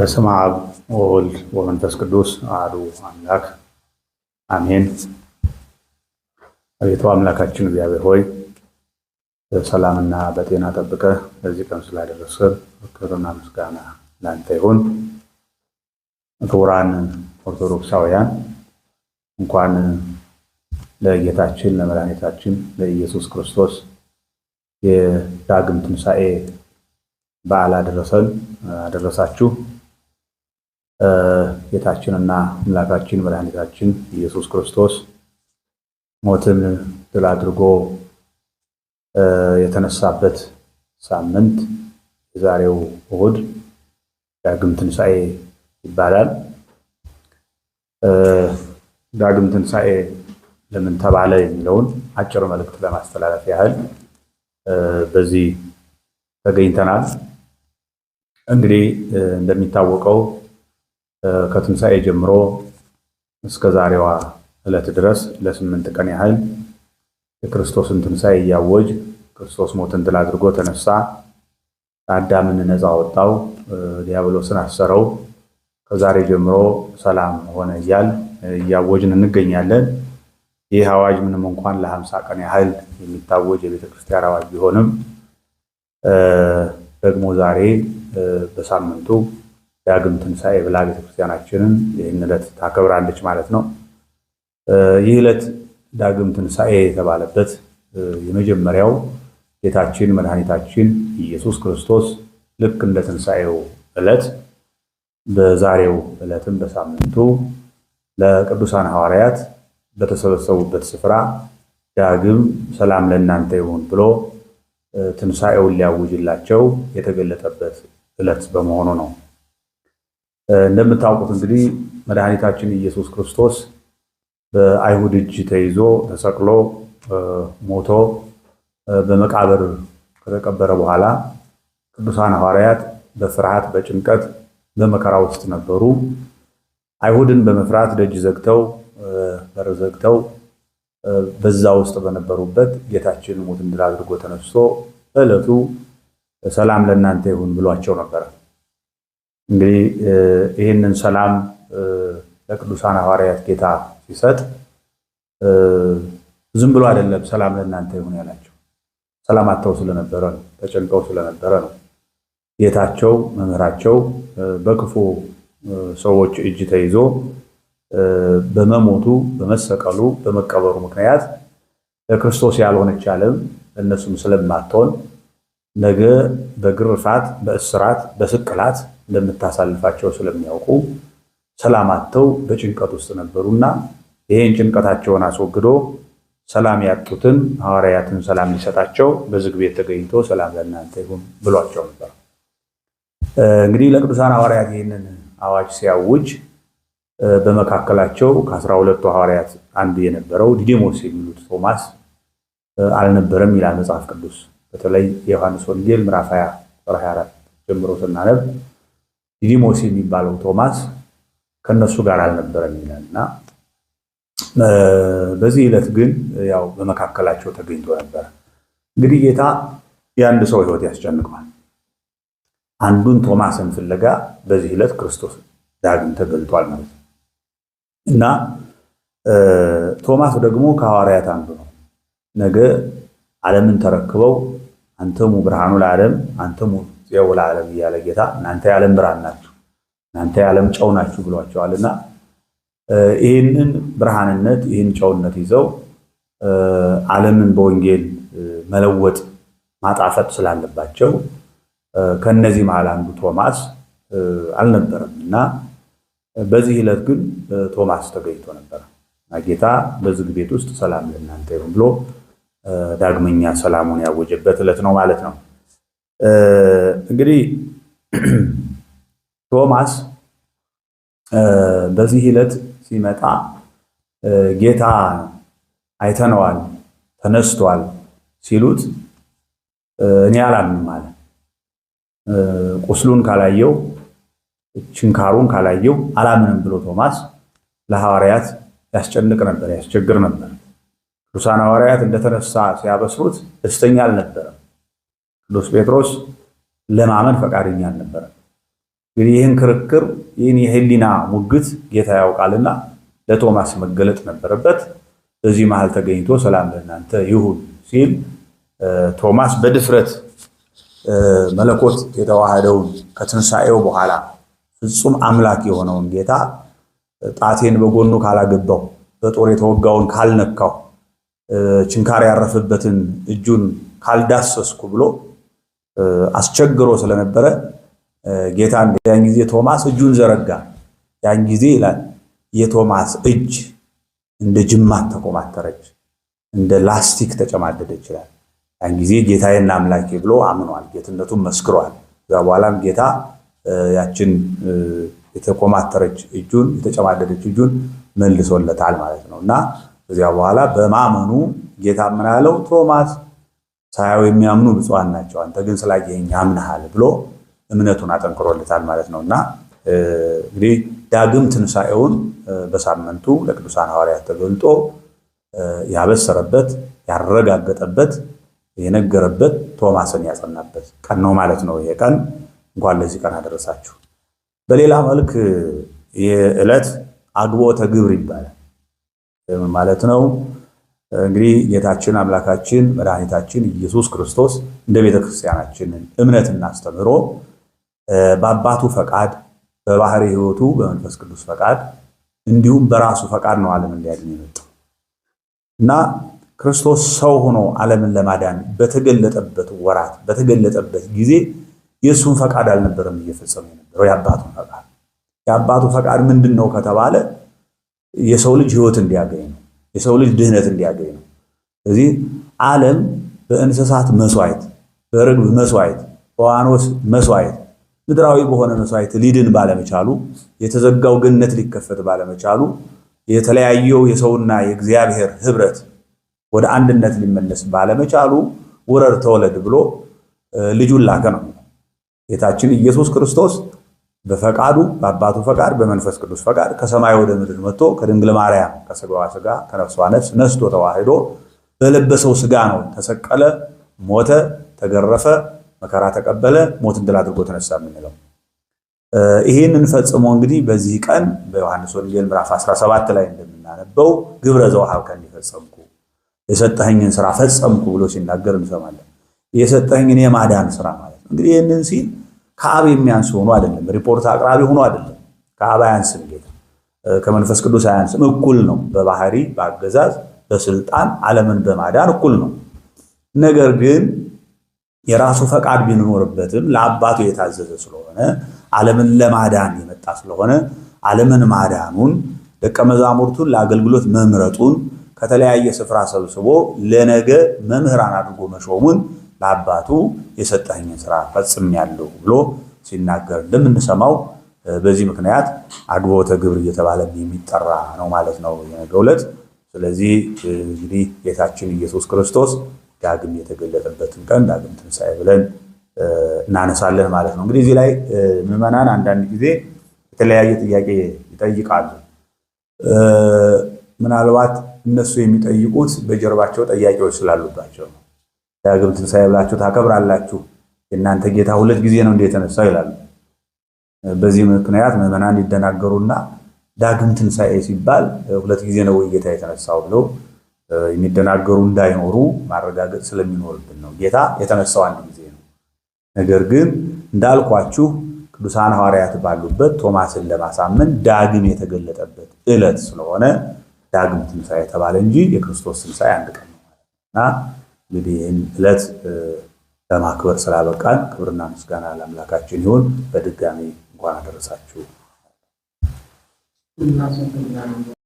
በስመ አብ ወወልድ ወመንፈስ ቅዱስ አሐዱ አምላክ አሜን። አቤቱ አምላካችን እግዚአብሔር ሆይ በሰላምና በጤና ጠብቀ በዚህ ቀን ስላደረሰን ክብርና ምስጋና ላንተ ይሁን። ክቡራን ኦርቶዶክሳውያን እንኳን ለጌታችን ለመድኃኒታችን ለኢየሱስ ክርስቶስ የዳግም ትንሣኤ በዓል አደረሰን አደረሳችሁ። ጌታችንና አምላካችን መድኃኒታችን ኢየሱስ ክርስቶስ ሞትን ድል አድርጎ የተነሳበት ሳምንት የዛሬው እሁድ ዳግም ትንሣኤ ይባላል። ዳግም ትንሣኤ ለምን ተባለ የሚለውን አጭር መልእክት ለማስተላለፍ ያህል በዚህ ተገኝተናል። እንግዲህ እንደሚታወቀው ከትንሣኤ ጀምሮ እስከ ዛሬዋ ዕለት ድረስ ለስምንት ቀን ያህል የክርስቶስን ትንሣኤ እያወጅ ክርስቶስ ሞትን ድል አድርጎ ተነሳ፣ አዳምን ነፃ ወጣው፣ ዲያብሎስን አሰረው፣ ከዛሬ ጀምሮ ሰላም ሆነ እያል እያወጅን እንገኛለን። ይህ አዋጅ ምንም እንኳን ለሀምሳ ቀን ያህል የሚታወጅ የቤተ ክርስቲያን አዋጅ ቢሆንም ደግሞ ዛሬ በሳምንቱ ዳግም ትንሣኤ ብላ ቤተክርስቲያናችንን ይህን ዕለት ታከብራለች ማለት ነው። ይህ ዕለት ዳግም ትንሣኤ የተባለበት የመጀመሪያው ጌታችን መድኃኒታችን ኢየሱስ ክርስቶስ ልክ እንደ ትንሣኤው ዕለት በዛሬው ዕለትም በሳምንቱ ለቅዱሳን ሐዋርያት በተሰበሰቡበት ስፍራ ዳግም ሰላም ለእናንተ ይሁን ብሎ ትንሣኤውን ሊያውጅላቸው የተገለጠበት ዕለት በመሆኑ ነው። እንደምታውቁት እንግዲህ መድኃኒታችን ኢየሱስ ክርስቶስ በአይሁድ እጅ ተይዞ ተሰቅሎ ሞቶ በመቃብር ከተቀበረ በኋላ ቅዱሳን ሐዋርያት በፍርሃት በጭንቀት በመከራ ውስጥ ነበሩ። አይሁድን በመፍራት ደጅ ዘግተው በር ዘግተው በዛ ውስጥ በነበሩበት ጌታችን ሞትን ድል አድርጎ ተነስቶ በዕለቱ ሰላም ለእናንተ ይሁን ብሏቸው ነበራል። እንግዲህ ይህንን ሰላም ለቅዱሳን ሐዋርያት ጌታ ሲሰጥ ዝም ብሎ አይደለም። ሰላም ለእናንተ ይሁን ያላቸው ሰላም አጥተው ስለነበረ ነው፣ ተጨንቀው ስለነበረ ነው። ጌታቸው መምህራቸው በክፉ ሰዎች እጅ ተይዞ በመሞቱ በመሰቀሉ በመቀበሩ ምክንያት ለክርስቶስ ያልሆነች ዓለም እነሱም ስለማትሆን ነገ በግርፋት በእስራት በስቅላት እንደምታሳልፋቸው ስለሚያውቁ ሰላም አጥተው በጭንቀት ውስጥ ነበሩና ይህን ጭንቀታቸውን አስወግዶ ሰላም ያጡትን ሐዋርያትን ሰላም ሊሰጣቸው በዝግ ቤት ተገኝቶ ሰላም ለእናንተ ይሁን ብሏቸው ነበር። እንግዲህ ለቅዱሳን ሐዋርያት ይህንን አዋጅ ሲያውጅ በመካከላቸው ከአስራ ሁለቱ ሐዋርያት አንዱ የነበረው ዲዲሞስ የሚሉት ቶማስ አልነበረም ይላል መጽሐፍ ቅዱስ። በተለይ የዮሐንስ ወንጌል ምዕራፍ 20 24 ጀምሮ ስናነብ ዲዲሞስ የሚባለው ቶማስ ከነሱ ጋር አልነበረም ይላል በዚህ ዕለት ግን ያው በመካከላቸው ተገኝቶ ነበር። እንግዲህ ጌታ የአንድ ሰው ህይወት ያስጨንቀዋል። አንዱን ቶማስን ፍለጋ በዚህ ዕለት ክርስቶስ ዳግም ተገልጧል ማለት ነው እና ቶማስ ደግሞ ከሐዋርያት አንዱ ነው። ነገ ዓለምን ተረክበው አንተሙ ብርሃኑ ለዓለም አንተሙ ጽየው ለዓለም እያለ ጌታ እናንተ የዓለም ብርሃን ናችሁ፣ እናንተ የዓለም ጨው ናችሁ ብሏቸዋልና ይህንን ብርሃንነት ይህን ጨውነት ይዘው ዓለምን በወንጌል መለወጥ ማጣፈጥ ስላለባቸው ከነዚህ መሃል አንዱ ቶማስ አልነበረም እና በዚህ ዕለት ግን ቶማስ ተገኝቶ ነበረ። ጌታ በዝግ ቤት ውስጥ ሰላም ለእናንተ ይሁን ብሎ ዳግመኛ ሰላሙን ያወጀበት ዕለት ነው ማለት ነው። እንግዲህ ቶማስ በዚህ ዕለት ሲመጣ ጌታ አይተነዋል፣ ተነስቷል ሲሉት እኔ አላምንም አለ። ቁስሉን ካላየው ችንካሩን ካላየው አላምንም ብሎ ቶማስ ለሐዋርያት ያስጨንቅ ነበር፣ ያስቸግር ነበር። ቅዱሳን ሐዋርያት እንደተነሳ ሲያበስሩት ደስተኛ አልነበረም። ቅዱስ ጴጥሮስ ለማመን ፈቃደኛ ነበረ እንግዲህ ይህን ክርክር ይህን የህሊና ሙግት ጌታ ያውቃልና ለቶማስ መገለጥ ነበረበት። በዚህ መሃል ተገኝቶ ሰላም ለእናንተ ይሁን ሲል ቶማስ በድፍረት መለኮት የተዋህደውን ከትንሣኤው በኋላ ፍጹም አምላክ የሆነውን ጌታ ጣቴን በጎኑ ካላገባው በጦር የተወጋውን ካልነካው ችንካር ያረፈበትን እጁን ካልዳሰስኩ ብሎ አስቸግሮ ስለነበረ ጌታ ያን ጊዜ ቶማስ እጁን ዘረጋ። ያን ጊዜ ይላል የቶማስ እጅ እንደ ጅማት ተቆማተረች፣ እንደ ላስቲክ ተጨማደደ ይችላል። ያን ጊዜ ጌታዬና አምላኬ ብሎ አምኗል፣ ጌትነቱን መስክሯል። ከዛ በኋላም ጌታ ያችን የተቆማተረች እጁን የተጨማደደች እጁን መልሶለታል ማለት ነው እና ከዚያ በኋላ በማመኑ ጌታ ምን አለው ቶማስ ሳያዩ የሚያምኑ ብፁዓን ናቸው፣ አንተ ግን ስላየ አምነሃል ብሎ እምነቱን አጠንክሮለታል ማለት ነው እና እንግዲህ ዳግም ትንሣኤውን በሳምንቱ ለቅዱሳን ሐዋርያት ተገልጦ ያበሰረበት፣ ያረጋገጠበት፣ የነገረበት፣ ቶማስን ያጸናበት ቀን ነው ማለት ነው። ይሄ ቀን እንኳን ለዚህ ቀን አደረሳችሁ። በሌላ መልክ ይህ ዕለት አግቦተ ግብር ይባላል። ማለት ነው? እንግዲህ ጌታችን አምላካችን መድኃኒታችን ኢየሱስ ክርስቶስ እንደ ቤተክርስቲያናችን እምነትና አስተምህሮ በአባቱ ፈቃድ በባህሪ ሕይወቱ በመንፈስ ቅዱስ ፈቃድ እንዲሁም በራሱ ፈቃድ ነው ዓለምን ሊያድን የመጣው እና ክርስቶስ ሰው ሆኖ ዓለምን ለማዳን በተገለጠበት ወራት በተገለጠበት ጊዜ የእሱን ፈቃድ አልነበረም እየፈጸመ የነበረው የአባቱን ፈቃድ። የአባቱ ፈቃድ ምንድን ነው ከተባለ የሰው ልጅ ሕይወት እንዲያገኝ ነው። የሰው ልጅ ድህነት እንዲያገኝ ነው። ስለዚህ ዓለም በእንስሳት መስዋዕት፣ በርግብ መስዋዕት፣ በዋኖስ መስዋዕት፣ ምድራዊ በሆነ መስዋዕት ሊድን ባለመቻሉ የተዘጋው ገነት ሊከፈት ባለመቻሉ የተለያየው የሰውና የእግዚአብሔር ህብረት ወደ አንድነት ሊመለስ ባለመቻሉ ውረድ ተወለድ ብሎ ልጁን ላከ ነው ጌታችን ኢየሱስ ክርስቶስ በፈቃዱ በአባቱ ፈቃድ በመንፈስ ቅዱስ ፈቃድ ከሰማይ ወደ ምድር መጥቶ ከድንግል ማርያም ከስጋዋ ስጋ ከነፍሷ ነፍስ ነስቶ ተዋህዶ በለበሰው ስጋ ነው ተሰቀለ፣ ሞተ፣ ተገረፈ፣ መከራ ተቀበለ፣ ሞትን ድል አድርጎ ተነሳ የምንለው። ይህንን ፈጽሞ እንግዲህ በዚህ ቀን በዮሐንስ ወንጌል ምዕራፍ 17 ላይ እንደምናነበው ግብረ ዘወሀብከኒ ፈጸምኩ፣ የሰጠኸኝን ስራ ፈጸምኩ ብሎ ሲናገር እንሰማለን። የሰጠኝን የማዳን ስራ ማለት እንግዲህ ይህንን ሲል ከአብ የሚያንስ ሆኖ አይደለም፣ ሪፖርት አቅራቢ ሆኖ አይደለም። ከአብ አያንስም ጌታ ከመንፈስ ቅዱስ አያንስም። እኩል ነው፣ በባህሪ በአገዛዝ በስልጣን ዓለምን በማዳን እኩል ነው። ነገር ግን የራሱ ፈቃድ ቢኖርበትም ለአባቱ የታዘዘ ስለሆነ ዓለምን ለማዳን የመጣ ስለሆነ ዓለምን ማዳኑን ደቀ መዛሙርቱን ለአገልግሎት መምረጡን ከተለያየ ስፍራ ሰብስቦ ለነገ መምህራን አድርጎ መሾሙን ለአባቱ የሰጠኝን ስራ ፈጽሜያለሁ ብሎ ሲናገር እንደምንሰማው በዚህ ምክንያት አግቦተ ግብር እየተባለ የሚጠራ ነው ማለት ነው የነገ ዕለት። ስለዚህ እንግዲህ ጌታችን ኢየሱስ ክርስቶስ ዳግም የተገለጠበትን ቀን ዳግም ትንሣኤ ብለን እናነሳለን ማለት ነው። እንግዲህ እዚህ ላይ ምዕመናን አንዳንድ ጊዜ የተለያየ ጥያቄ ይጠይቃሉ። ምናልባት እነሱ የሚጠይቁት በጀርባቸው ጠያቂዎች ስላሉባቸው ነው። ዳግም ትንሣኤ ብላችሁ ታከብራላችሁ፣ የእናንተ ጌታ ሁለት ጊዜ ነው እንደ የተነሳው ይላሉ። በዚህ ምክንያት ምዕመናን ይደናገሩና ዳግም ትንሣኤ ሲባል ሁለት ጊዜ ነው ወይ ጌታ የተነሳው ብለው የሚደናገሩ እንዳይኖሩ ማረጋገጥ ስለሚኖርብን ነው። ጌታ የተነሳው አንድ ጊዜ ነው። ነገር ግን እንዳልኳችሁ ቅዱሳን ሐዋርያት ባሉበት ቶማስን ለማሳመን ዳግም የተገለጠበት ዕለት ስለሆነ ዳግም ትንሣኤ የተባለ እንጂ የክርስቶስ ትንሣኤ አንድ ቀን ነው እና እንግዲህ ይህን ዕለት ለማክበር ስላበቃን ክብርና ምስጋና ለአምላካችን ይሁን። በድጋሚ እንኳን አደረሳችሁ።